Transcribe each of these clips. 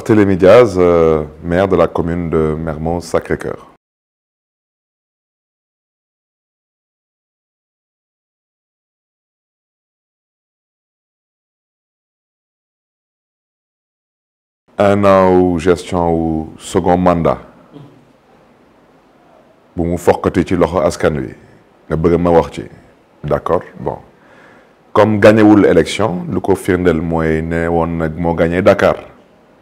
Barthélémy Diaz, euh, maire de la commune de mermont sacré cœur un an ou gestion ou second mandat bu mu fokkati ci loxo askan wi ne bëgg ma wax ci d'accord bon comme je élection l'élection, je firndeel de ne woon on Dakar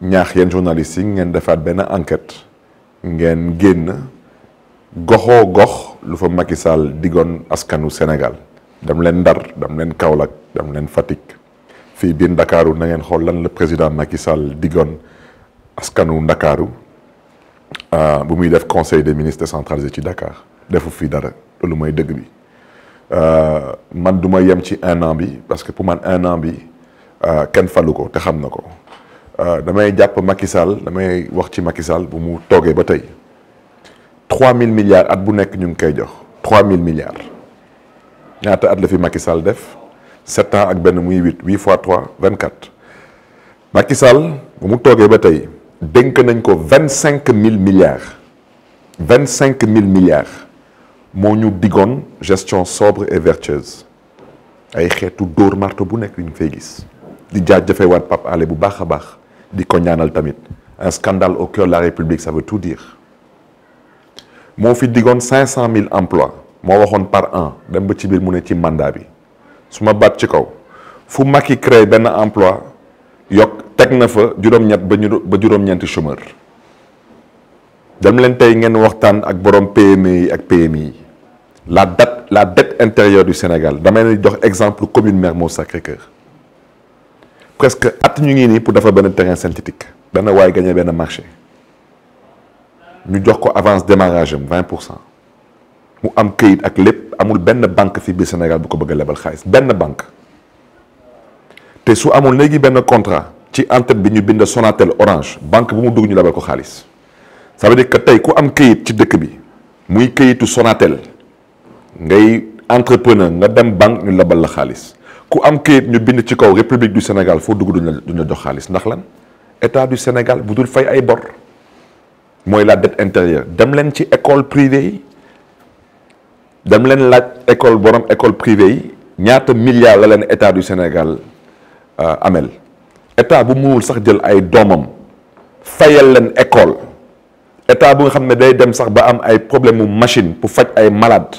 a des journalistes qui ngeen fait une enquête ngeen génn goxoo gox lu fa Macky Sall digoon askanu Sénégal dam leen Ndar dam leen Kaolack dam leen Fatick fii biir na ngeen lan président Macky Sall digoon askanu Ndakaaru ah, bu muy def conseil des ministres décentralisé ci Dakar defu fi dara loolu mooy dëgg bi ah, man du un an parce que pour man un an bi ah, ko te euh, damay japp Macky Sall damay wax ci Macky Sall bu mu toogee ba 3000 milliards at bu nek ñu ngi jox 3000 milliards ñaata at la fi Macky Sall def 7 ans ak muy 8 8 fois 3 24. Macky Sall bu mu toogee ba tey 25 nañ ko 25000 milliards 25000 milliards ñu gestion sobre et vertueuse ay xétu le marto bu nek ñu fay gis. di Alé bu un scandale au cœur de la République ça veut tout dire fils fi dit 500 500 emplois par an Je ci biir mandat Si je suis ci kaw fu je créé un emploi il teg ba chômeur Je PMI la dette intérieure du Sénégal vais donner un exemple commune mon Sacré-Cœur presque at ñu ngi pour faire terrain synthétique dana gagner gagné un marché ñu jox avance démarrage 20%. nous pour am ak amul banque fii Sénégal bu ko bëgg a banque Et su amul un contrat ci bi ñu Sonatel Orange banque bu mu dugg ñu ko ça veut dire que tey ku am un ci dëkk Sonatel ngay entrepreneur nga dem banque ñu la ku am kayit ñu bind ci kaw république du Sénégal foo dugg duñ la jox xaalis ndax lan état du Sénégal bu dul fay ay bor mooy la dette intérieure dem leen ci école privée yi dem leen laaj école borom école privée yi ñaata milliards la leen état du Sénégal amel état bu mënul sax jël ay doomam fayal leen école état bu nga xam ne day dem sax ba am ay problème mu machine pour faj ay malade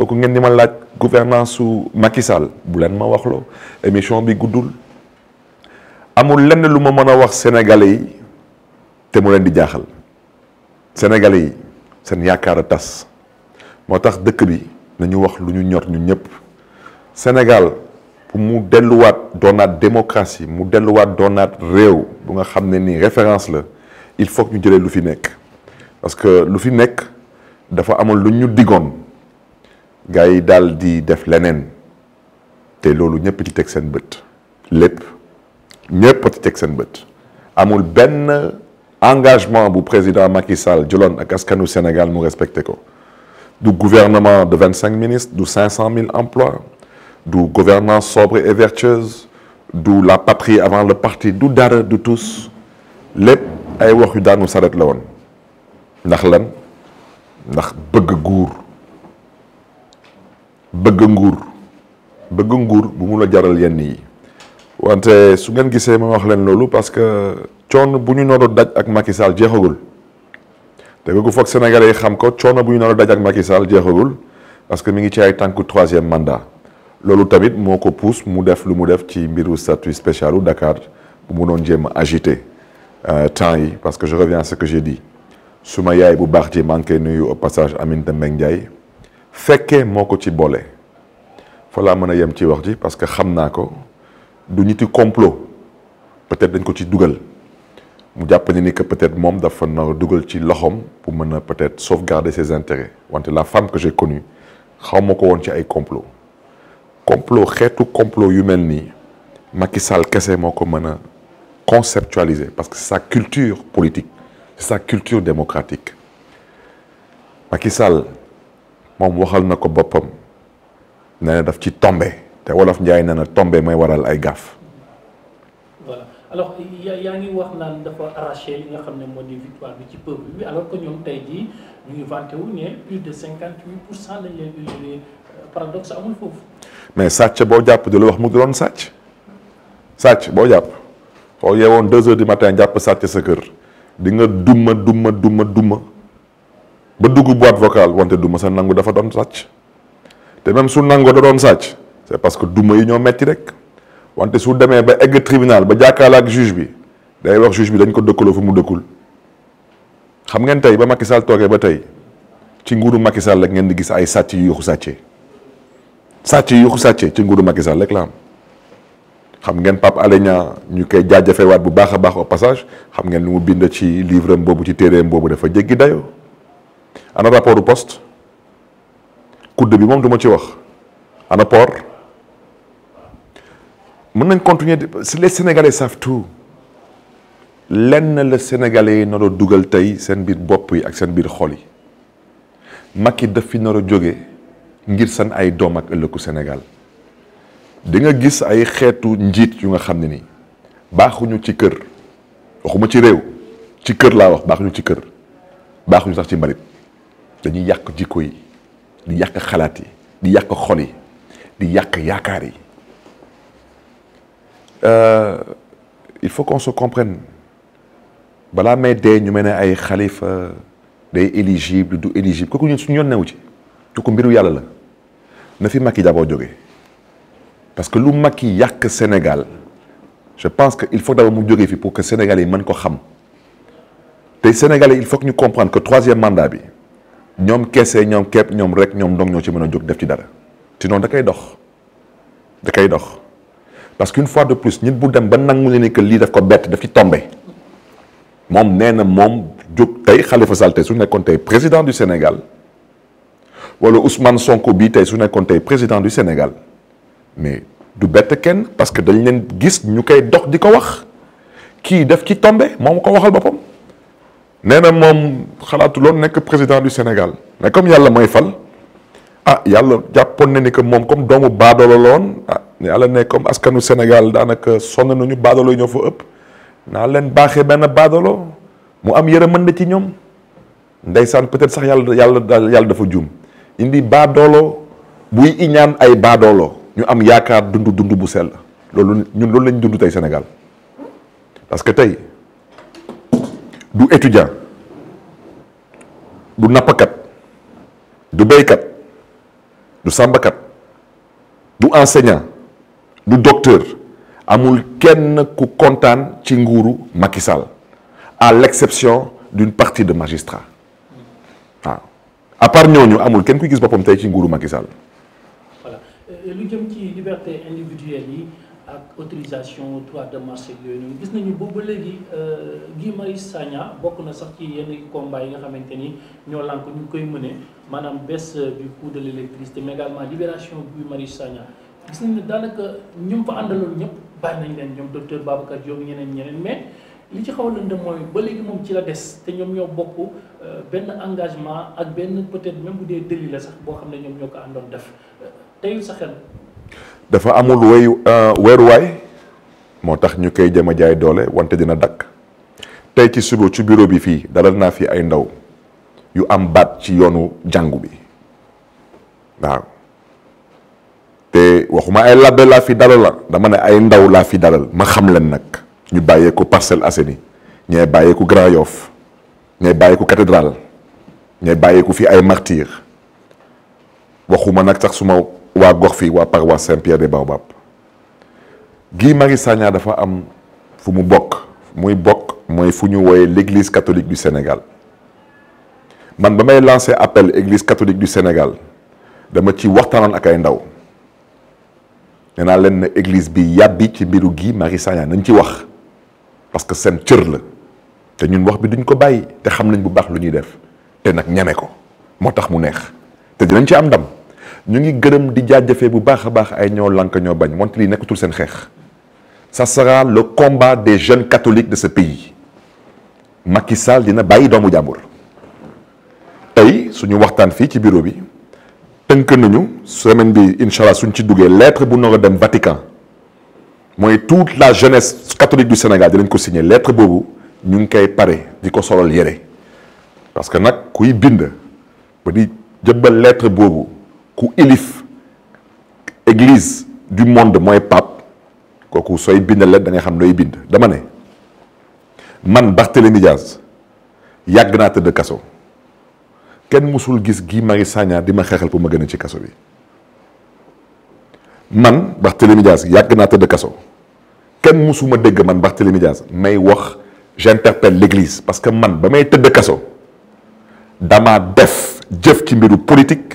kooku ngeen di ma laaj gouvernance su Macky Sall bu leen ma waxloo émission bi guddul amul lenn lu ma wax sénégalais yi te mu leen di jaaxal sénégalais yi seen yaakaar a tas moo tax dëkk bi nañu wax lu ñu ñor ñun ñëpp Sénégal pour mu delluwaat doonaat démocratie mu delluwaat doonaat réew bu nga xam ne référence la il faut que ñu jëlee lu fi nekk parce que lu fi nekk dafa amoon lu ñu digoon gars yi di def lenen té loolu ñepp ci tek seen bët lepp ñepp ci tek seen bët amul ben engagement bu président Macky Sall jëloon ak askanu Sénégal mu respecté ko du gouvernement de 25 ministres du 500 000 emplois du gouvernement sobre et vertueuse du la patrie avant le parti du dara de tous lepp ay wax yu daanu tous la ndax lan ndax bëgg bëgg nguur bëgg nguur bu mu la jaral yenn yi wante su ngeen gisee ma wax leen loolu parce que coono bu ñu nar daj ak Macky Sall jeexagul te kooku foog Sénégal yi xam ko coono bu ñu nar daj ak Macky Sall jeexagul parce que mi ngi ci ay tànku troisième mandat loolu tamit moo ko pousse mu def lu mu def ci mbiru statut spécial Dakar bu mu doon jéem agité euh, temps yi parce que je reviens à ce que j'ai dit suma yaay bu baax ji maa nuyu au passage Ndiaye fekkee moko ci bolé fa la mëna a ci wax ji parce que xamna ko du ñiti complot peut-être dañ ko ci duggal mu japp ni que peut-être moom dafa na duggal ci loxom pour mëna peut-être sauvegarder ses intérêts wante la femme que j'ai connue xaw ma ko ci ay complot complot xétu complot yu mel nii Macky Sall kese moko mëna conceptualiser parce que c'est sa culture politique c'est sa culture démocratique Macky Sall mom waxal nako bopam boppam na daf ci tombé te wolof njaay ne na tombé may waral ay voilà alors ya ngi wax nan dafa arracher li nga xam mo di victoire bi ci peuple bi alors que ñom tay jii ñu ngi vanté wu ne plus de 58% huit pour lañ leen usuré euh, paradoxe amul foofu. mais satch bo japp di la wax mu di don satch satch bo japp soo yewon 2h du matin japp satch sa kër di nga duma duma duma duma ba dugg boîte vocale wante duma sa nangu dafa doon sàcc te même su nango da doon sàcc c' parce que duma yi ñoo metti rek wante su demee ba egg tribunal ba jàkkaarloo ak juge bi day wax juge bi dañ ko dëkkaloo fu mu dëkkul xam ngeen tey ba Macky Sall toogee ba tey ci nguuru Macky Sall rek ngeen di gis ay sàcc yu yuxu sàccee sàcc yu yuxu sàccee ci nguuru Macky Sall rek la am xam ngeen Pape Alé Niang ñu koy jaajëfewaat bu baax a baax au passage xam ngeen lu mu bind ci livre boobu ci téereem boobu dafa jéggi dayoo ana rapport du poste coude bi mom duma ci wax ana port mën nañ continuer les sénégalais savent tout lenn le sénégalais na do a dugal sen bir bop yi ak sen bir xol yi Macky def fi na ngir san ay dom ak ëllëgu Sénégal di nga gis ay xeetu njit yu nga xamni ni nii baaxuñu ci kër waxuma ci rew ci kër la wax baaxuñu ci kër baaxuñu sax ci mbalit dañuy yàq jikko yi di yàq xalaat yi di yàq xol yi di yàq yaakaar yi euh, il faut qu'on se comprenne balaa may dee ñu mel ne ay xalifa day éligible du éligible kooku ñun suñu yoon newu ci kooku mbiru yàlla la na fi Macky d'abord jógee parce que lu Macky yàq Sénégal je pense que il faut d'abord mu jógee fi pour que Sénégalais yi mën ko xam te Sénégalais il faut que ñu comprendre que troisième mandat bi ñom kessé ñom kep ñom rek ñom dong ñoo ci mëna a def ci dara sinon da kay dox da kay dox parce qu'une fois de plus nit bu dem ba nangu ni que li daf ko bett daf ci tombé mom néna mom moom tay Khalifa salté tey su nekkoon tay président du Sénégal wala Ousmane Sonko bi tay su nekkoon tay président du Sénégal mais du bett ken parce que dañ leen gis ñukay dox diko wax ki daf ci tombé mom ko waxal boppam nee mom moom xalaatuloon nek président du Sénégal mais comme yalla moy fal ah yalla jàppoon na ni que moom comme doomu baadoola la woon ah yàlla ne comme askanu Sénégal danaka sonn nañu baadolo ñofu fa ëpp naa leen baaxee benn baadolo mu am yërmande ci ñom ndaysan peut-être sax yalla yàlla yàlla dafa juum indi badolo buy iñaan ay badolo ñu am yaakaar dundu dundu bu sel lolou ñun loolu lañ dund tey Sénégal parce que tay du étudiant du napakat, du béykat du sambakat, du enseignant du docteur amul ken ku kontaan ci nguuru Macky à l'exception d'une partie de magistrats à part ñooñu amul ken ku gis boppam tey ci nguuru Macky voilà euh, lu jëm ci liberté individuelle yi. autorisation droit de marché yooyu noonu gis nañu boobu ba léegi euh, Guy Marius Sagna bokk na sax ci yenn combat yi nga xamante ni ñoo lànk ñu koy mëne manaam baisse du coût de l' électricité mais également libération Guy Marius Sagna gis nañu daanaka ñum fa àndaloon ñëpp bàyyi nañ leen ñoom docteur Babacar Diop ñeneen ñeneen mais li ci xaw a lëndëm mooy ba léegi moom ci la des te ñoom ñoo bokk euh, benn engagement ak benn peut-être même bu dee délit la sax boo xam ne ñoom ñoo ko àndoon def euh, teyul sa xel dafa amul weyu weeruwaay moo tax ñu koy jëm a jaay doole wante dina dakk tey ci suba ci bureau bi fii dalal naa fi ay ndaw yu am baat ci yoonu jàngu bi waaw te waxuma ay labbe laa fi dalal la dama ne ay ndaw laa fi dalal ma xam leen nag ñu bàyyeeku Parcelles Assainies ñee bàyyeeku Grand Yoff ñee bàyyeeku cathédrale ñee bàyyeeku fi ay martyrs waxuma nag sax suma wa gox wa paroisse Saint-Pierre des baobab Guy Marius Sagna dafa am fu mu bokk muy bokk moy fu ñu l'église catholique du Sénégal man bamay lancer appel église catholique du Sénégal dama ci waxtaanoon ak ay ndaw nee naa église bi yàbbi ci mbiru Guy Marius Sagna nañ ci wax parce que sen cër la té ñun wax bi duñ ko bàyyi té xam nañ bu baax lu ñuy def té nak ñeme ko motax mu neex té dinañ ci am dam ñu ngi gërëm di jaajëfee bu baax baax ay ñoo lank ñoo bañ wante lii seen xex ça sera le combat des jeunes catholiques de ce pays Macky Sall dina bàyyi doomu jàmbur tay suñu waxtaan fi ci bureau bi tënk nañu semaine bi inshallah suñ ci duggee lettre bu nar a dem Vatican moy toute la jeunesse catholique du Sénégal dinañ ko signé lettre bobu ñu ngi kay paré di ko solal yére parce que nak kuy bind ba di jëbbal lettre bobu ku ilif église du monde moi pape kooku sooy bindal la da nga xam nooy bind dama ne man Barthélémy Diaz yagna te de kasso ken musul gis Guy Marius Sagna di ma xeexal pour ma gëna ci kasso bi man Barthélémy Diaz yagna te de kasso ken musuma dégg man Barthélémy Diaz may wax j'interpelle l'église parce que man ba may de kasso dama def jëf ci mbiru politique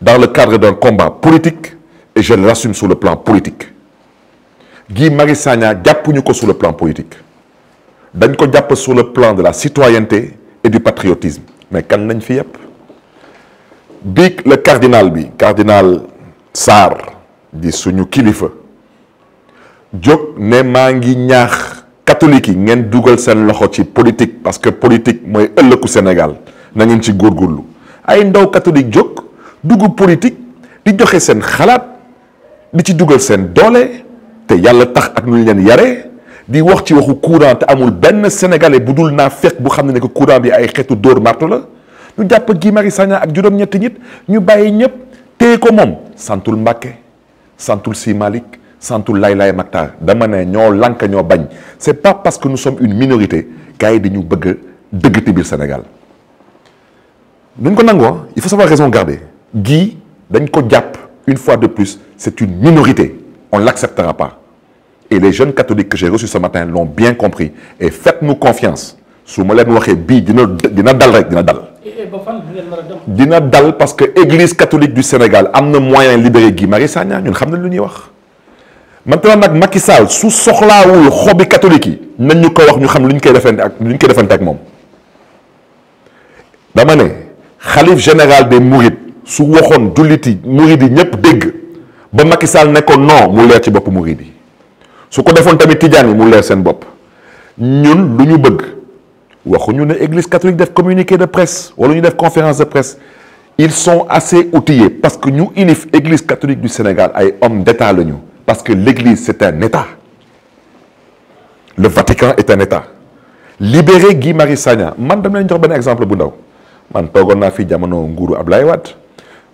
dans le cadre d'un combat politique et je l'assume sur le plan politique. Guy Marissagna, problème sur le plan politique. Danko Diap sur le plan de la citoyenneté et du patriotisme. Mais quand nous Big le cardinal, bi, cardinal Sar, dit est Kilifa, Diop ne mangi ñaax catholique yi dougal sen loxo politique parce que politique le ëllëgu Sénégal na ci gourgoulou. ay ndaw catholique dugg politique di joxe sen xalaat di ci dugal sen te yalla tax ak nu len yare di wax ci waxu courant te amul ben sénégalais budul na bu courant bi ay de la ñu Sagna ak nit ñu ko mom santul santul Si malik santul Lay Lay dama ne lank c'est pas parce que nous sommes une minorité gars nous ñu bëgg Sénégal Nous ko ah. il faut savoir raison garder Guy dañ ko une fois de plus c'est une minorité on ne l'acceptera pas et les jeunes catholiques que j'ai reçus ce matin l'ont bien compris et faites-nous confiance su ma leen Bi, dina dal rek dina dal. dina dal parce que l'église catholique du Sénégal a le moyen libérer Guy Marissania, Sagna ñun xam lu maintenant avec Macky Sall su soxlaawul xobi catholique yi nañ ñu ko wax ñu xam lu ñu koy defante ak lu ñu koy defante général des Mourides su waxone julliti mouride ñep deg ba Macky Sall ne ko non mu leer ci bop mouride su ko defone tamit tidiane mu leer sen bop ñun lu ñu bëgg ñu né église catholique def communiqué de presse wala ñu def conférence de presse ils sont assez outillés parce que ñu unif église catholique du Sénégal ay homme d'état lañu parce que l'église c'est un état le Vatican est un état libéré Guy Marius Sagna man dama lañ jox ben exemple bu ndaw man togon na fi jamono nguru Ablaye Wade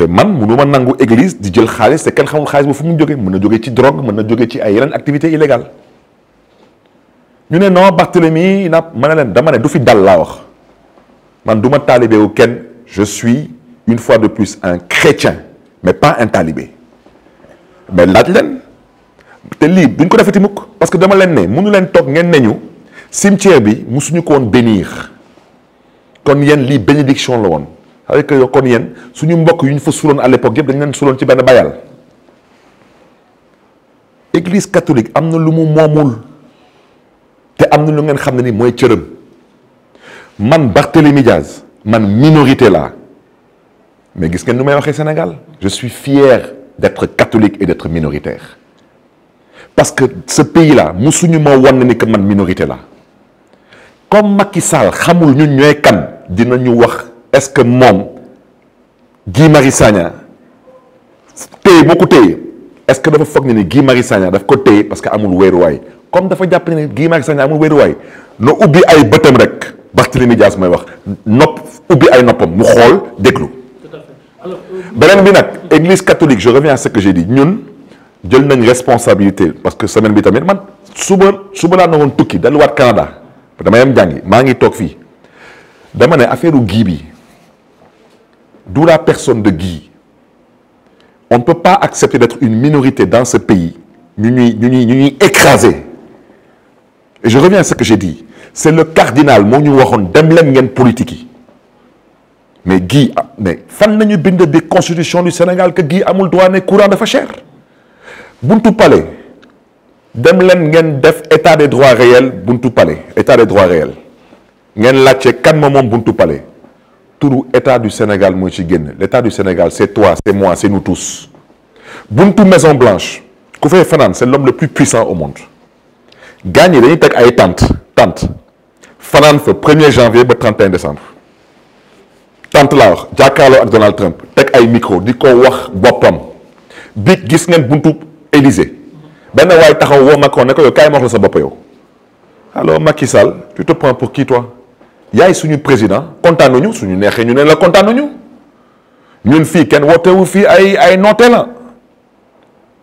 te man mënu ma nangu église di jël xaalis te kenn xamul xaalis ba fu mu jógee mën na ci drogue mën na ci ay yeneen activité illégale ñu né non Barthélemy na mané len dama né du fi dal la wax man duma talibé taalibe wu kenn je suis une fois de plus un chrétien mais pas un talibé mais laaj leen te lii duñ ko ti mukk parce que dama len né mënu len tok ngén néñu cimetière bi musuñu ko won bénir kon yéen li bénédiction la won avec les euh, yéen suñu mbokk yu ñu fa à l'époque yëpp dañu leen suuloon ci benn bayal église catholique am na lu mu moomul te am na lu ngeen man Barthélémy Diaz man minorité là. mais ce que nu may au Sénégal je suis fier d'être catholique et d'être minoritaire parce que ce pays là musuñu ma wan ne ni que man minorité là. comme Macky Sall xamul ñun ñooy kan wax est-ce que moom Guy Marius Sagna téye boo ko est-ce que dafa foog ne ni Guy Marius Sagna daf ko téye parce que amul wéeruwaay comme dafa jàpp ne Guy Marius Sagna amul wéeruwaay na ubbi ay bëtam rek Barthélémy médias mooy wax nopp ubbi ay noppam mu xool déglu. Euh, beneen bi nag église catholique je reviens à ce que j'ai dit ñun jël nañ responsabilité parce que semaine bi tamit man suba suba la ngone tukki dal wat Canada dama am jàngi maa ngi toog fii dama ne affaire gui bi d'où la personne de Guy. On ne peut pas accepter d'être une minorité dans ce pays, nous nous écrasés. Et je reviens à ce que j'ai dit. C'est le cardinal, mon politique. Mais Guy, ah, mais fan nañu bind des constitution du Sénégal que Guy le droit ne courant de facher. buntu palais état des droits réels buntu palais état des droits réels Vous laajte kan moom buntu palais tout l'État du Sénégal moo ci du Sénégal c'est toi c'est moi c'est nous tous buntu Maison Blanche ku Fanan, c'est l'homme le plus puissant au monde Gagne, il est teg ay tante. tante le 1er janvier 31 décembre Tante là, wax Donald Trump tek ay micro di ko wax Bopam. Big gis buntu Élysée Ben taxaw Macron ne ko ma wax la sa alors Macky Sall tu te prends pour qui toi yaay suñu président kontaan nañu suñu neexee ñu ne la kontaan nañu ñun fii kenn wootewu ay ay noote la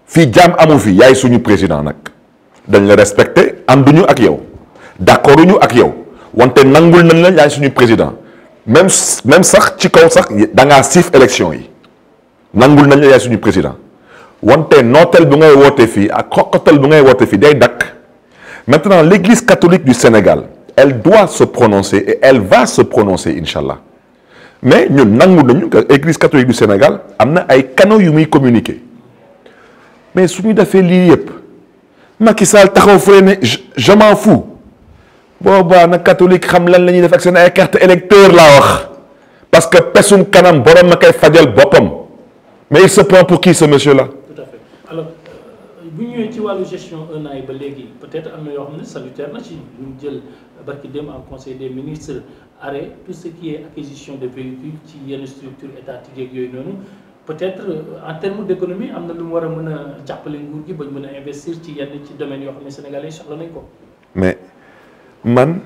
fi yaay suñu président nak, dañ la am duñu ak yow d'accord ak yow wante nangul nañ la yaay suñu président même même sax ci kaw sax da nga sif élection yi nangul nañ la yaay suñu président wante notel bu ngay woté fi ak xoqatal bu ngay woté fi day dak. maintenant l'église catholique du Sénégal elle doit se prononcer et elle va se prononcer Inch'Allah mais nous, avons dit que l'église catholique du Sénégal a na ay canaux yu muy communiquer mais si ñu defee fait l'IEP, je m'en fous boobaa nag catholique xam lan la ñuy ak carte électeur parce que personne kanam borom faire koy fajal mais il se prend pour qui ce monsieur là bu ñëwee ci wàllu gestion un an ba léegi peut-être am na yoo xam ne salutaire na ci ñu jël barki dem en conseil des ministres arrêt tout ce qui est acquisition de véhicules ci yenn structure étatique yeeg yooyu noonu peut-être euh, en terme d'économie am na lu mu war a mën a jàppale nguur gi ba mën investir ci yenn ci domaines yoo xam ne sénégalais soxla nañ ko. mais man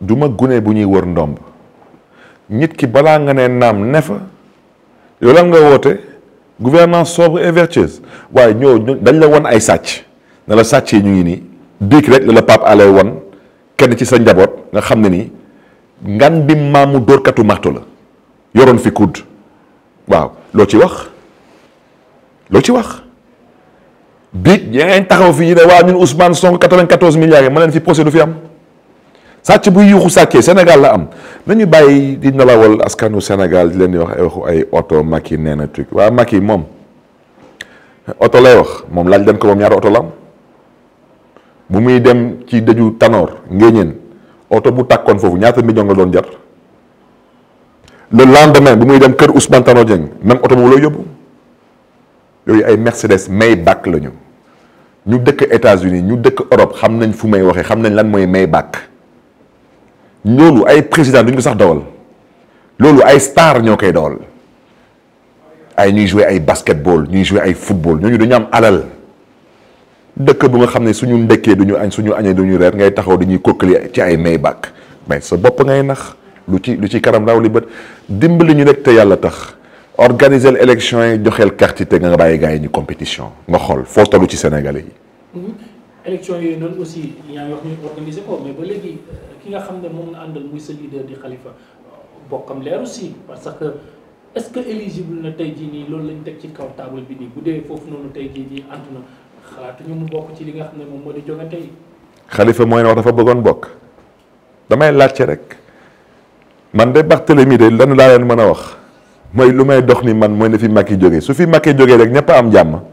du ma gune bu ñuy wër ndomb nit ki balaa nga ne naam ne fa yow lan nga woote gouvernance sobre et vertueuse nous ñoo dañ la won ay sacc. Na la saccé ñu ngi ni dik rek le Pape won kenn ci sa nga la Yoron fi kudd waaw lo ci wax ci wax taxaw Ousmane 94 milliards yi ma leen fi procès du fi sàcc buy yuuxu sàccee Sénégal la am nañu bàyyi di nalawal askanu Senegal di leen di wax ay auto ay oto Macky nee na truc waaw Macky moom oto lay wax moom laaj leen ko moom ñaari oto la bu muy dem ci deju Tanor ngéeñeen Auto bu takkon fofu. ñaata million nga doon jar le lendemain bu muy dem ker Ousmane Tanor Dieng même auto bu lay yobu. Yoy ay Mercedes Maybach la ñu ñu dëkk États-Unis ñu dëkk Europe xam nañ fu may waxee xam nañ lan mooy Maybach nous ay président duñ ko sax dawal lolu ay star ñokay dawal ay basketball football ñu dañu am alal bu nga suñu duñu nous, suñu duñu reer ngay taxaw mais ce bop ngay nax lu ci lu ci li dimbali ñu te tax organiser l'élection joxel nga ñu compétition nga xol ci Sénégalais mhm. élection yooyu noonu aussi yaa ngi wax ñu organiser ko mais ba léegi euh, ki nga xam ne moom na àndal muy sa leader di xalifa euh, bokkam leer aussi parce que est-ce que éligible na tey jii nii loolu lañ teg ci kaw table bi nii bu dee foofu noonu tey jii nii ànd na xalaatuñu mu bokk ci li nga xam ne moom moo di jogante yi. xalifa mooy ne wax dafa bëggoon bokk damay laajte rek man de Barthélemy de lan laa leen mën a wax mooy lu may dox ni man mooy ne fi Macky jógee su fi Macky jógee rek ñëpp am jàmm.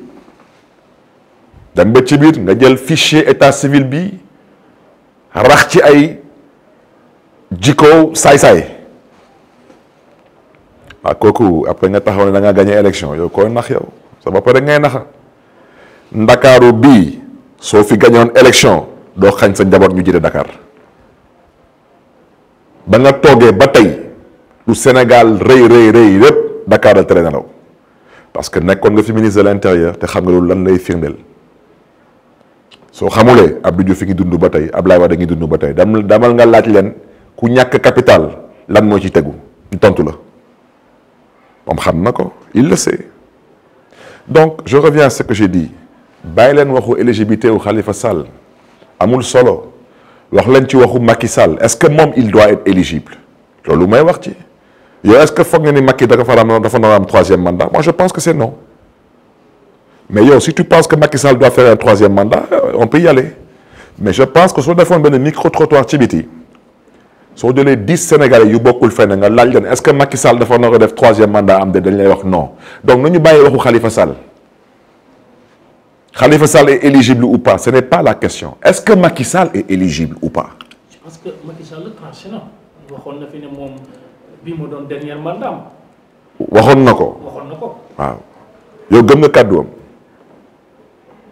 dem ba ci biir nga jël fichier état civil bi rax ci ay jiko say say waaw ah, kooku après nga taxaw ne da ngaa gagné élection yow koy nax yow sa ba pare ngay naxa ndakaaru bii soo fi gañoon élection doo xañ sa njaboot ñu jëlee Dakar ba nga toogee ba tey lu Sénégal rëy rëy rëy lépp Dakar la tere nelaw parce que nekkoon nga fi ministre de l'intérieur te xam nga loolu lan lay firndeel so xamulé Abdou Diouf ngi dund ba tey Wade ngi damal nga laaj len ku ñak capital lan mo ci teggu ñu tontu la moom xam na ko il le sait donc je reviens à ce que j'ai dit bay len waxu éligibilité ou Khalifa Sall amul solo wax len ci waxu Macky Sall est-ce que mom il doit être éligible lolou may wax ci yo est-ce que foog nga ni Macky dafa fa dafa nar am troisième mandat moi je pense que c'est non mais si tu penses que Macky Sall doit faire un troisième mandat, on peut y aller. Mais je pense que si on a fait un micro-trottoir Tibiti, si on a 10 Sénégalais est-ce que Macky Sall doit faire un troisième mandat Non. Donc, nous de Khalifa Sall. Khalifa Sall est éligible ou pas Ce n'est pas la question. Est-ce que Macky Sall est éligible ou pas Je pense que Macky Sall est transcendant. Il a dit que dernier mandat. Il a dit Il a dit que.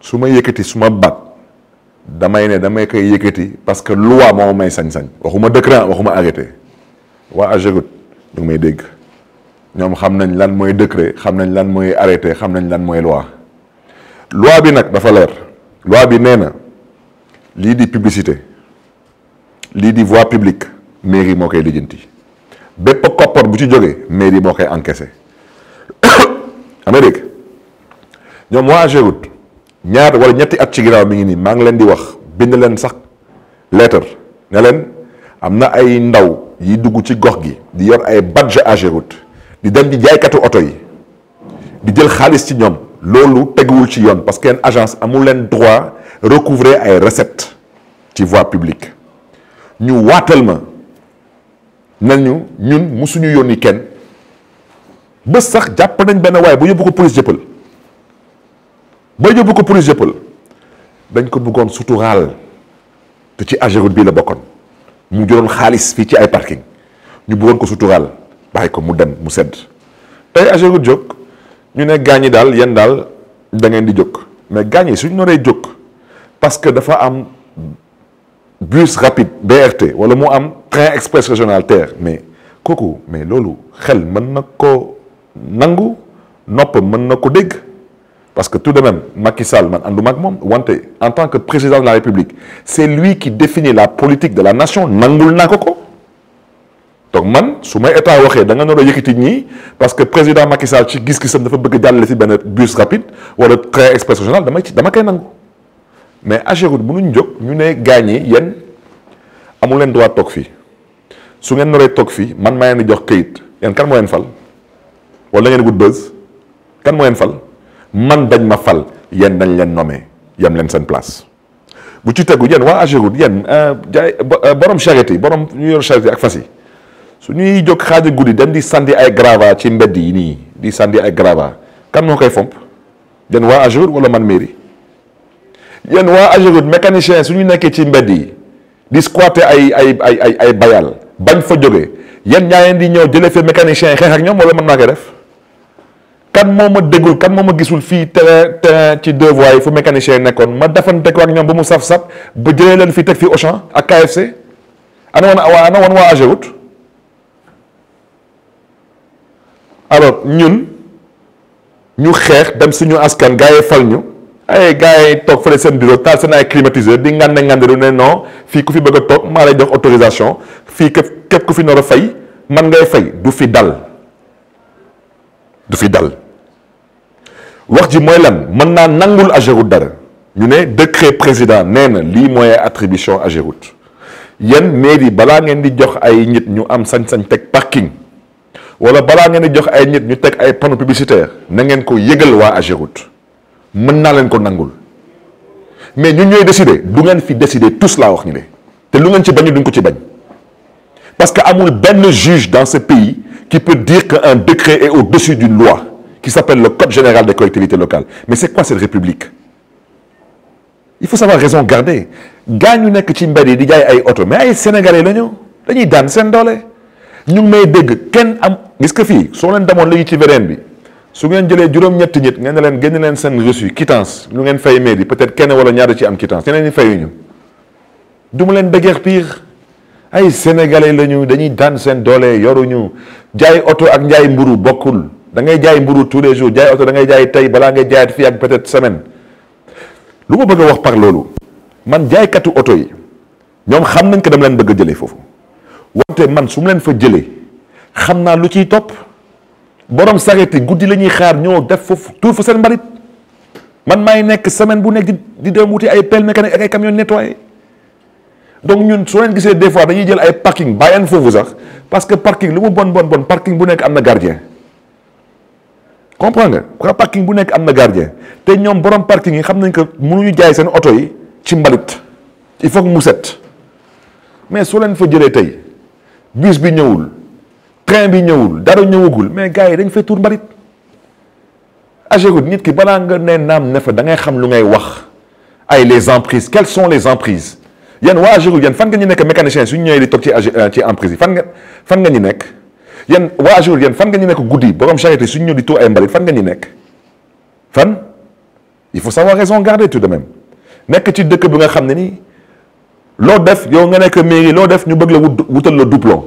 suma ma suma damay ne damay parce que loi moo may sañ-sañ waxuma décret waxuma arrêté waa ngi may dégg ñoom xam nañ lan mooy décret xam nañ lan mooy arrêté xam nañ lan loi loi bi dafa loi bi di publicité lii di voie publique mairie moo koy lijjanti bépp koppar bu ci la mairie encaissé ñaar wala ñetti at ci mi ngi nii maa ngi leen di wax bind leen sax lettre ne leen am ay ndaw yi dugg ci gox gi di yor ay badge Ageroute di dem yi di jël ci loolu ci yoon parce que agence amul leen droit recouvrer ay recettes ci voie publique ñu waatal ma nañu ñun musuñu yónni kenn bés sax nañ police ba yóbbu ko police jëppal dañ ko bëggoon suturaal te ci Ageroute bii la bokkoon mu jëloon xaalis fii ci ay parking ñu buggoon ko suturaal bàyyi ko mu dem mu sedd tey Ageroute jóg ñu ne gaañ daal yéen daal da ngeen di jóg mais gaañ yi suñu noree jóg parce que dafa am bus rapide BRT wala mu am train express régional TER mais kooku mais loolu xel mën na ko nangu nopp mën na ko dégg. Parce que tout de même, Macky Sall, en tant que président de la République, c'est lui qui définit la politique de la nation. Nakoko. Donc, man, si je suis état, je suis parce que le président Macky Sall, dit gis un bus rapide, ou le train express régional, je suis Mais à nous avons gagné, nous avons droit de Si vous avez talk man, je Vous avez un fal. vous buzz. vous man dañ ma fal yéen dañ leen nommé yem leen seen place bu ci tegu yéen waa Ageroute yéen euh, jaay euh, borom charrette yi borom ñu yor charrette ak fas yi su ñuy jóg xaaja guddi dem di sandi ay grava ci mbedd yi nii di sandi ay grava kan moo koy fomp yéen waa Ageroute wala man mairie yenn waa Ageroute mécanicien su ñu nekkee ci mbedd yi di squatter ay ay ay ay ay bayal bañ fa jógee yéen ñaa leen di ñëw jëlee fee mécanicien yi xeex ak ñoom wala mën naa koy def. kan moma ma kan moma gisul fi terrain terrain ci deux voies fu mécanicien yi ma dafante ko ak ñom bu mu saf-saf ba jëlé leen fi tek fi Auchan ak KFC ana won waa ana woon waa Ageroute alors ñun ñu xex dem suñu askan gaay yi fal ñu ay gaay tok fele sen bureau tal sen ay climatiseur di ngande ngande du ne non fi ku fi bëgg tok ma lay jox autorisation fi képp képp ku fi nar fay man ngay fay du fi dal du fi dal wax lan man na nangul ñu décret président na attribution Ageroute yen mairie bala ngeen di jox ay nit ñu am sañ parking wala balangendi ngeen di jox ay nit ñu tek ay panneau publicitaire na ngeen ko na ko nangul mais ñun ñoy décider du décider tous la wax ñu ne té lu ngeen ci parce que juge dans ce pays qui peut dire qu'un décret est au-dessus d'une loi qui s'appelle le Code général des collectivités locales. Mais c'est quoi cette République Il faut savoir raison garder. gaañu nekk ci mbedd di jaay ay oto mais ay sénégalais la ñu dañuy daan seen doole ñu ngi may dégg kenn am gis nga fii soo leen demoon léegi ci VDN bi su ngeen jëlee juróom-ñetti nit ngeen leen génne leen seen reçu quittance lu ngeen fay mairie peut-être kenn wala ñaar ci am quittance ñeneen ñi fayuñu du ma leen pire. ay sénégalais lañu dañuy dan sen dolé yoruñu jaay auto ak njaay mburu bokul da ngay jaay mburu tous les jours jaay auto da ngay jaay tay bala ngay jaay fi ak peut être semaine lu ma bëgg wax par lolu man jai katu yi ñom xam nañ ko dama leen bëgg jëlé fofu man sumlen leen fa top, xamna lu ci top borom sareeti guddi lañuy xaar ñoo def fofu tuur fa sen mbarit man may nek semaine bu nek di di dem wuti ay pelle mécanique ay camion nettoyer donc ñun soo leen gisee des fois dañuy jël ay parking bàyyi leen foofu sax parce que parking lu mu bon bon bon parking bu nekk am na gardien comprends nga quoi parking bu nekk am na gardien te ñoom borom parking yi xam nañ que mënuñu jaay seen oto yi ci mbalit il faut que mu set mais soo leen fa jëlee tey bus bi ñëwul train bi ñëwul dara ñëwagul mais gars yi dañ fay tuur mbalit agéroute nit ki balaa nga ne naam ne fa da ngay xam lu ngay wax ay les emprises quelles sont les emprises Yan wa Giroud fan nga ñu nek mécanicien suñ ñëw di tok ci euh, ci emprise yi fan nga fan nga ñu nek yéen waa Giroud fan nga ñu nek goudi borom charité suñ ñëw di tuur ay mbalit fan nga ñu nek fan il faut savoir raison garder tout de même nek ci dëkk bi nga xamné ni lo def yow nga nek mairie lo def ñu bëgg la wutal le doublon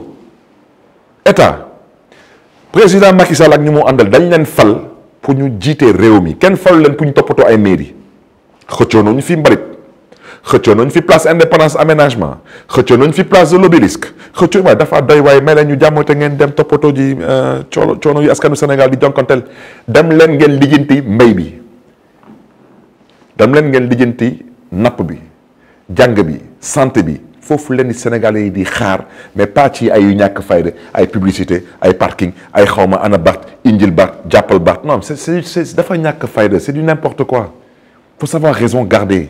état président Macky Sall ak ñu mu andal dañ leen fal pour ñu jité réew mi kenn fal leen pour ñu toppatoo ay mairie xëccoo fi mbalit xëccoo nañ fi place indépendance aménagement xëccoo nañ fi place de l'obélisque xëccoo waaye dafa doy waaye may leen ñu jàmmoo te ngeen dem toppatoo ji euh, coono coono askanu Sénégal di jonkonteel dem leen ngeen lijjanti mbay bi dem leen ngeen lijjanti napp bi jàng bi santé bi foofu leen Sénégalais yi di xaar mais pas ci ay une ñàkk fayda ay publicité ay parking ay xawma ana baat injil non c'est c'est dafa ñàkk fayda c'est du n'importe quoi faut savoir raison garder